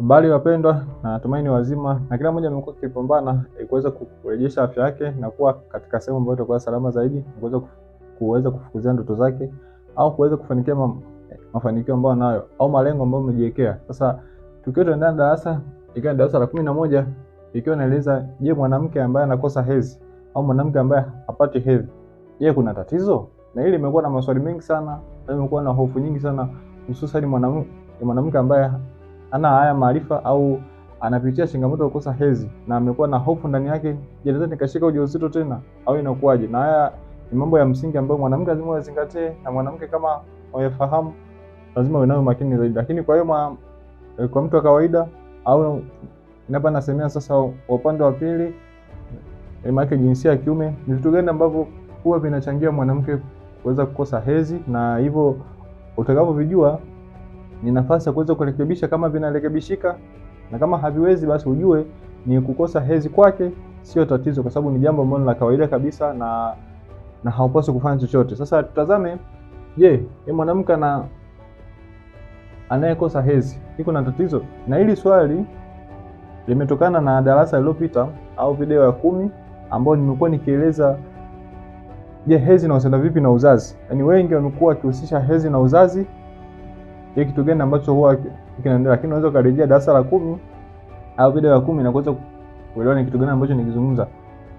Habari wapendwa, na natumaini wazima na kila mmoja amekuwa akipambana eh, kuweza kurejesha afya yake na kuwa katika sehemu ambayo itakuwa salama zaidi, kuweza kuweza kufukuzia ndoto zake au kuweza kufanikia eh, mafanikio ambayo anayo au malengo ambayo amejiwekea. Sasa tukiwa tunaenda darasa, ikiwa ni darasa la kumi na moja, ikiwa naeleza je, mwanamke ambaye anakosa hedhi au mwanamke ambaye hapati hedhi, je, kuna tatizo? Na hili limekuwa na maswali mengi sana na limekuwa na hofu nyingi sana, hususan mwanamke mwanamke ambaye ana haya maarifa au anapitia changamoto ya kukosa hezi na amekuwa na hofu ndani yake, je, naweza nikashika ujauzito tena au inakuwaje? Na haya ni mambo ya msingi ambayo mwanamke lazima azingatie, na mwanamke kama uyafahamu, lazima uwe nayo makini zaidi. Lakini kwa hiyo ma, kwa mtu wa kawaida au inapa nasemea sasa wa upande wa pili e, jinsia ya kiume, ni vitu gani ambavyo huwa vinachangia mwanamke kuweza kukosa hezi, na hivyo utakapovijua ni nafasi ya kuweza kurekebisha kama vinarekebishika, na kama haviwezi basi ujue ni kukosa hedhi kwake sio tatizo, kwa sababu ni jambo ambalo la kawaida kabisa na na haupaswi kufanya chochote. Sasa tutazame, je, ni mwanamke na anayekosa hedhi iko na tatizo? Na hili swali limetokana na darasa lililopita au video ya kumi ambayo nimekuwa nikieleza je, hedhi inahusiana vipi na uzazi. Yaani wengi wamekuwa wakihusisha hedhi na uzazi je kitu gani ambacho huwa kinaendelea, lakini unaweza ukarejea darasa la kumi au video ya kumi na kuweza kuelewa ni kitu gani ambacho nikizungumza.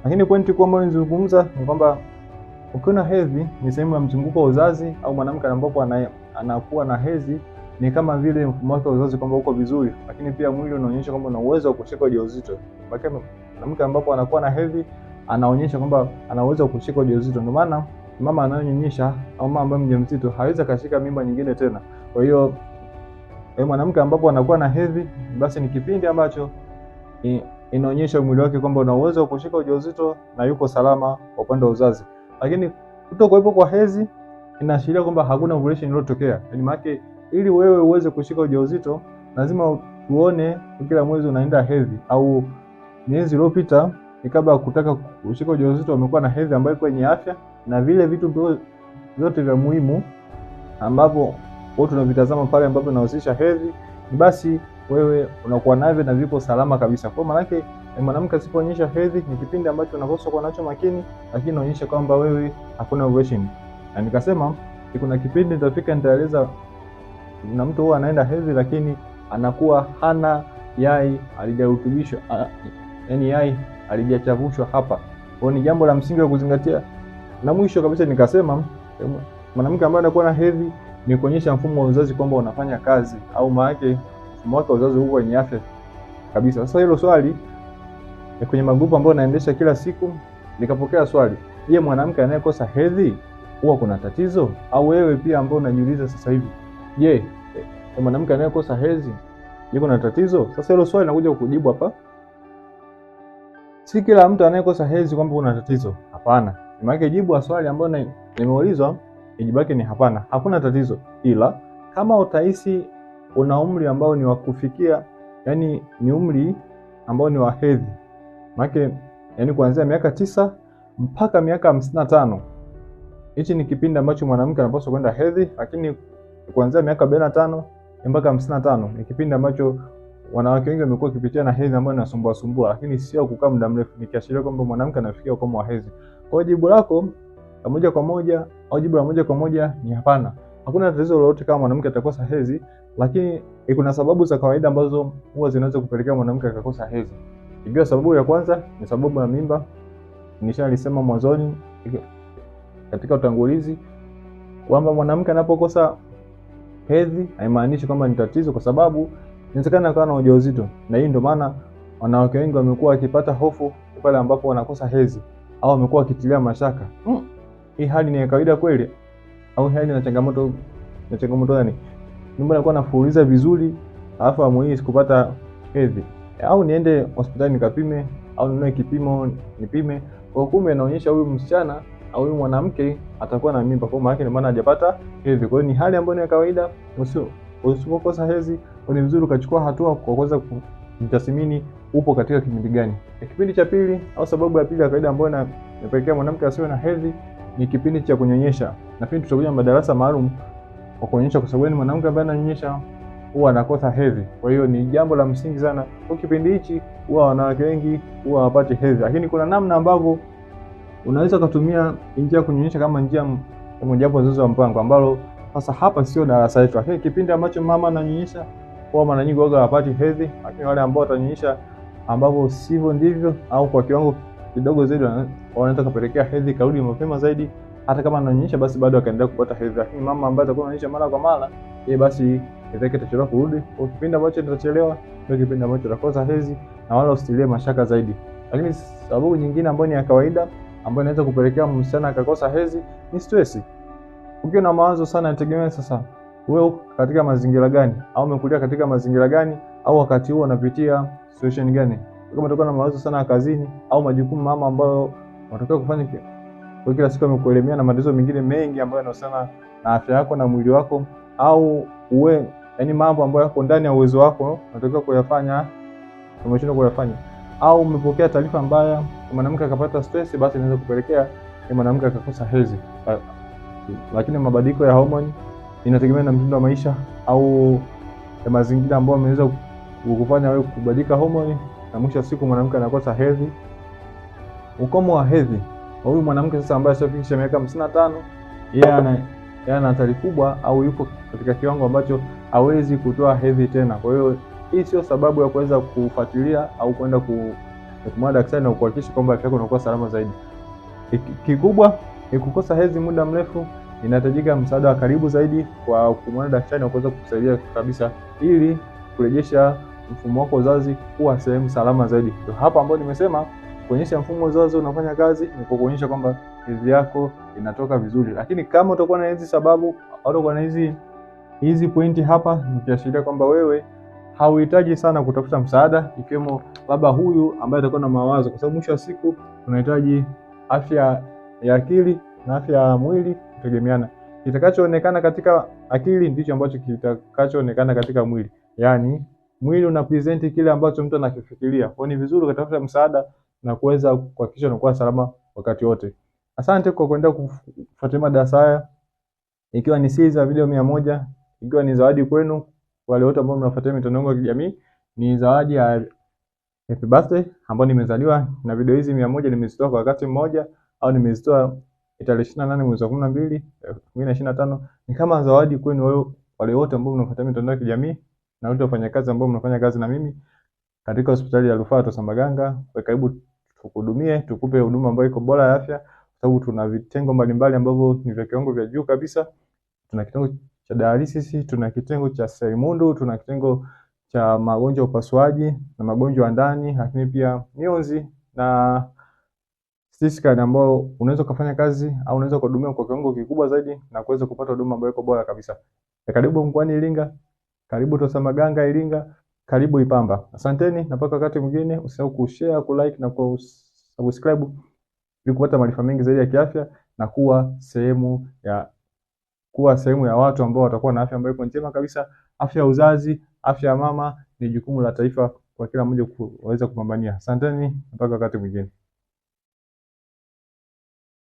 Lakini pointi kuu ambayo nizungumza ni kwamba ukiona hedhi ni sehemu ya mzunguko wa uzazi au mwanamke ambapo anakuwa na hedhi ni kama vile mfumo wake wa uzazi kwamba uko vizuri, lakini pia mwili unaonyesha kwamba una uwezo wa kushika ujauzito. Mwanamke ambapo anakuwa na hedhi anaonyesha kwamba ana uwezo wa kushika ujauzito, ndio maana mama anayonyonyesha au mama ambaye mjamzito hawezi akashika mimba nyingine tena. Kwa hiyo eh, mwanamke ambapo anakuwa na hedhi, basi ni kipindi ambacho inaonyesha mwili wake kwamba una uwezo wa kushika ujauzito na yuko salama kwa upande wa uzazi. Lakini kutokuwepo kwa hedhi inaashiria kwamba hakuna ovulation iliyotokea. Yaani maana ili wewe uweze kushika ujauzito lazima tuone kila mwezi unaenda hedhi au miezi iliyopita ni kabla kutaka kushika ujauzito umekuwa na hedhi ambayo iko yenye afya na vile vitu vyote vya muhimu ambapo kwa tunavitazama pale ambapo inahusisha hedhi, basi wewe unakuwa navyo na vipo salama kabisa. Kwa maana yake eh, mwanamke asipoonyesha hedhi ni kipindi ambacho unapaswa kuwa nacho makini, lakini inaonyesha kwamba wewe hakuna ovulation. Na nikasema kuna kipindi nitafika nitaeleza, na mtu huwa anaenda hedhi lakini anakuwa hana yai alijarutubishwa, yani yai alijachavushwa hapa. Kwa ni jambo la msingi wa kuzingatia. Na mwisho kabisa nikasema eh, mwanamke ambaye anakuwa na hedhi ni kuonyesha mfumo wa uzazi kwamba unafanya kazi au maanake mfumo wake wa uzazi huko wenye afya kabisa. Sasa hilo swali ni kwenye magrupu ambayo naendesha kila siku, nikapokea swali, je, mwanamke anayekosa hedhi huwa kuna tatizo? Au wewe pia ambao unajiuliza sasa hivi, je, eh, mwanamke anayekosa hedhi je, kuna tatizo? Sasa hilo swali nakuja kukujibu hapa. Si kila mtu anayekosa hedhi kwamba kuna tatizo, hapana. Maana jibu swali ambalo nimeulizwa ni Jibu lake ni hapana, hakuna tatizo, ila kama utahisi una umri ambao ni wa kufikia, yani ni umri ambao ni wa hedhi, maana yani kuanzia miaka tisa mpaka miaka hamsini na tano hichi ni kipindi ambacho mwanamke anapaswa kwenda hedhi, lakini kuanzia miaka arobaini na tano mpaka hamsini na tano ni kipindi ambacho wanawake wengi wamekuwa wakipitia na hedhi ambayo inasumbua sumbua, lakini sio kukaa muda mrefu, nikiashiria kwamba mwanamke anafikia ukomo wa hedhi. Kwa jibu lako moja kwa moja au jibu la moja kwa moja ni hapana. Hakuna tatizo lolote kama mwanamke atakosa hedhi, lakini e, kuna sababu za kawaida ambazo huwa zinaweza kupelekea mwanamke akakosa hedhi. Ikiwa sababu ya kwanza ni sababu ya mimba, nishalisema mwanzoni katika utangulizi kwamba mwanamke anapokosa hedhi haimaanishi kwamba ni tatizo, kwa sababu inawezekana akawa na ujauzito, na hii ndio maana wanawake wengi wamekuwa wakipata hofu pale ambapo wanakosa hedhi au wamekuwa wakitilia mashaka mm hii hali ni ya kawaida kweli au hali na changamoto na changamoto gani? Mimi nakuwa nafuuliza vizuri, alafu amuhii sikupata hedhi, au niende hospitali nikapime, au ninunue kipimo nipime. Kwa kumbe inaonyesha huyu msichana au huyu mwanamke atakuwa na mimba, kwa maana maana hajapata hedhi. Kwa hiyo ni hali ambayo ni ya kawaida, usio usipokosa hedhi ni vizuri ukachukua hatua kwa kuweza kujitathmini upo katika kipindi gani. Kipindi cha pili au sababu ya pili ya kawaida ambayo inapelekea mwanamke asiwe na hedhi ni kipindi cha kunyonyesha. Nafikiri tutakuja madarasa maalum kwa kuonyesha, kwa sababu mwanamke ambaye ananyonyesha huwa anakosa hedhi. Kwa hiyo ni jambo la msingi sana kwa kipindi hichi, huwa wanawake wengi huwa wapate hedhi, lakini kuna namna ambavyo unaweza kutumia njia kunyonyesha kama njia mojawapo nzuri ya mpango, ambalo sasa hapa sio darasa letu, lakini kipindi ambacho mama ananyonyesha huwa mara nyingi waga hawapati hedhi, lakini wale ambao watanyonyesha ambavyo sivyo ndivyo au kwa kiwango kidogo zaidi wanaweza kupelekea hedhi karudi mapema zaidi. Hata kama ananyonyesha, basi bado akaendelea kupata hedhi, lakini mama ambaye atakuwa ananyonyesha mara kwa mara, yeye basi hedhi yake itachelewa kurudi. Kwa kipindi ambacho itachelewa, ndio kipindi ambacho atakosa hedhi, na wala usitilie mashaka zaidi. Lakini sababu nyingine ambayo ni ya kawaida ambayo inaweza kupelekea msichana akakosa hedhi ni stress. Ukiwa na mawazo sana, inategemea sasa wewe uko katika mazingira gani, au umekulia katika mazingira gani, au wakati huo unapitia situation gani kama utakuwa na mawazo sana kazini au majukumu mama ambayo unatakiwa kufanya kwa kila siku amekuelemea na matatizo mengine mengi ambayo yanahusiana na afya yako na mwili wako, au uwe yani mambo ambayo yako ndani ya uwezo wako unatakiwa kuyafanya umeshindwa kuyafanya, au umepokea taarifa mbaya, mwanamke akapata stress, basi inaweza kupelekea mwanamke akakosa hedhi. Lakini mabadiliko ya homoni inategemea na mtindo wa maisha au ya mazingira ambayo ameweza kukufanya wewe kubadilika homoni na mwisho wa siku mwanamke anakosa hedhi. Ukomo wa hedhi kwa huyu mwanamke sasa ambaye asiofikisha miaka hamsini na tano yeye ana yeye ana hatari kubwa, au yuko katika kiwango ambacho hawezi kutoa hedhi tena. Kwa hiyo hii sio sababu ya kuweza kufuatilia au kwenda kumwona daktari na kuhakikisha kwamba afya yako inakuwa salama zaidi. Kikubwa ni kukosa hedhi muda mrefu, inahitajika msaada wa karibu zaidi kwa kumwona daktari na kuweza kukusaidia kabisa ili kurejesha mfumo wako uzazi kuwa sehemu salama zaidi. Kwa hapa ambapo nimesema kuonyesha mfumo wa uzazi unafanya kazi ni kuonyesha kwamba hedhi yako inatoka vizuri, lakini kama utakuwa na hizi sababu au utakuwa na hizi hizi pointi hapa, ni kiashiria kwamba wewe hauhitaji sana kutafuta msaada, ikiwemo baba huyu ambaye atakuwa na mawazo, kwa sababu mwisho wa siku tunahitaji afya ya akili na afya ya mwili kutegemeana. Kitakachoonekana katika akili ndicho ambacho kitakachoonekana katika mwili, yani mwili una present kile ambacho mtu anakifikiria. Kwa ni vizuri ukatafuta msaada na kuweza kuhakikisha unakuwa salama wakati wote. Asante kwa kuendelea kufuatilia madarasa haya, ikiwa ni series ya video mia moja, ikiwa ni zawadi kwenu wale wote ambao mnafuatilia mitandao yangu ya kijamii, ni zawadi ya happy birthday ambayo nimezaliwa, na video hizi mia moja nimezitoa kwa wakati mmoja au nimezitoa tarehe ishirini na nane mwezi wa kumi na mbili elfu mbili na ishirini na tano ni kama zawadi kwenu wale wote ambao mnafuatilia mitandao ya kijamii na wote wafanyakazi ambao mnafanya kazi na mimi katika hospitali ya rufaa Tosamaganga, kwa karibu tukuhudumie, tukupe huduma ambayo iko bora ya afya, kwa sababu tuna vitengo mbalimbali ambavyo ni vya kiwango vya juu kabisa. Tuna kitengo cha dialysis, tuna kitengo cha selimundu, tuna kitengo cha magonjwa ya upasuaji na magonjwa ya ndani, lakini pia mionzi na siskani ambao unaweza kufanya kazi au unaweza kuhudumiwa kwa kiwango kikubwa zaidi na kuweza kupata huduma ambayo iko bora kabisa. E, karibu mkoani Iringa. Karibu Tosamaganga Iringa, karibu Ipamba. Asanteni na mpaka wakati mwingine, usisahau kushare, kulike na kusubscribe ili kupata maarifa mengi zaidi ya kiafya na kuwa sehemu ya kuwa sehemu ya watu ambao watakuwa na afya ambayo iko njema kabisa. Afya ya uzazi, afya ya mama ni jukumu la taifa kwa kila mmoja kuweza kupambania. Asanteni mpaka wakati mwingine.